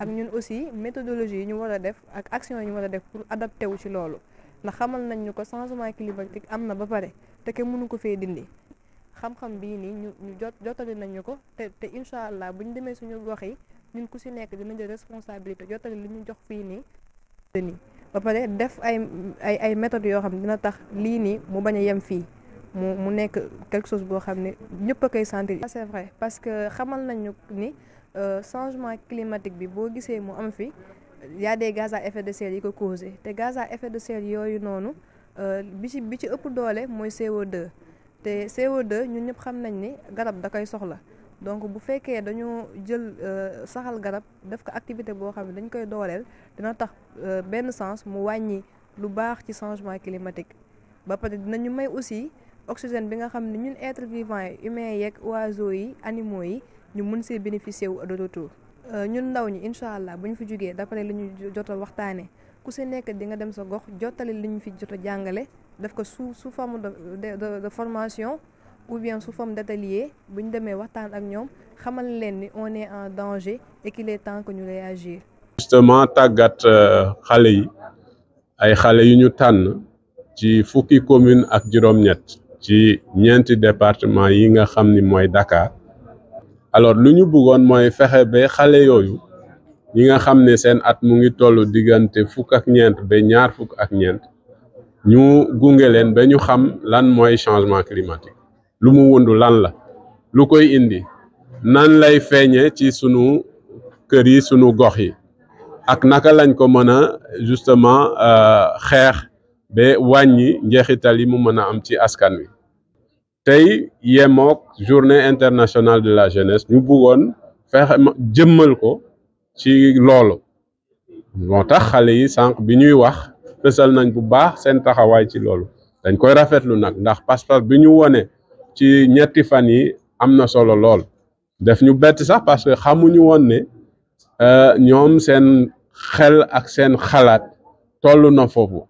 ak ñun aussi méthodologie yi ñu war a def ak action yi ñu war a def pour adapté wu ci loolu ndax xamal nañ ñu ko changement climatique am na ba pare te ke mënu ko fee dindi xam-xam bii nii ñu ñu jot jottali nañ ñu ko te te incha allah bu ñu demee suñu gox yi ñun ku si nekk dina jël responsabilité jottali li ñu jox fii nii nii ba pare def ay ay ay méthodes yoo xam ne dina tax lii nii mu bañ a yem fii mu mu nekk quelque chose boo xam ne ñëpp a koy sentir. c'est vrai parce que xamal nañ ñu ni. Euh, changement climatique bi boo gisee mu am fi y a des gaz à effet de serre yi ko causé te gaza à effet de serre yooyu noonu euh, bi ci bi ci ëpp doole mooy co te CO2 ñun ñëpp xam nañ ni garab da koy soxla donc bu fekkee dañoo jël euh, saxal garab def ko activité boo xam ne dañ koy dooleel dina tax benn sens mu wàññi lu baax ci changement climatique ba pare dinañu may aussi. oxygène bi nga xam ne ñun être vivant yi humains yeeg oiseaux yi animaux yi ñu mën see bénéficier wu de retour euh, ñun ndaw ñi incha allah bu ñu fi jugee d'après li ñu jot waxtaanee ku si nekk di nga dem sa gox jottali li ñu fi jot a jàngale daf ko sous su forme de de formation ou bien sous forme d'atelier bu ñu demee waxtaan ak ñoom xamal leen ni on est en danger équiler qu'il temps que ñu réagir. justement tàggat euh, xale yi ay xale yu ñu tànn ci fukki commune ak juróom-ñett. ci ñeenti département yi nga xam ni mooy Dakar alors lu ñu bëggoon mooy fexe ba xale yooyu ñi nga xam ne seen at mu ngi tollu diggante fukk ak ñeent ba ñaar fukk ak ñeent ñu gunge leen ba ñu xam lan mooy changement climatique lu mu wundu lan la lu koy indi nan lay feeñee ci sunu kër yi sunu gox yi ak naka lañ ko mën a justement euh, xeex ba wàññi njeexital yi mu mën a am ci askan wi tey yemook journée international de la jeunesse ñu bëggoon fexe jëmmal ko ci loolu moo tax xale yi sànq bi ñuy wax fësal nañ bu baax seen taxawaay ci loolu dañ koy rafetlu nag ndax pas bi ñu wone ci ñetti fan yi am na solo lool def ñu bett sax parce que xamuñu woon ne euh, ñoom seen xel ak seen xalaat tollu na foofu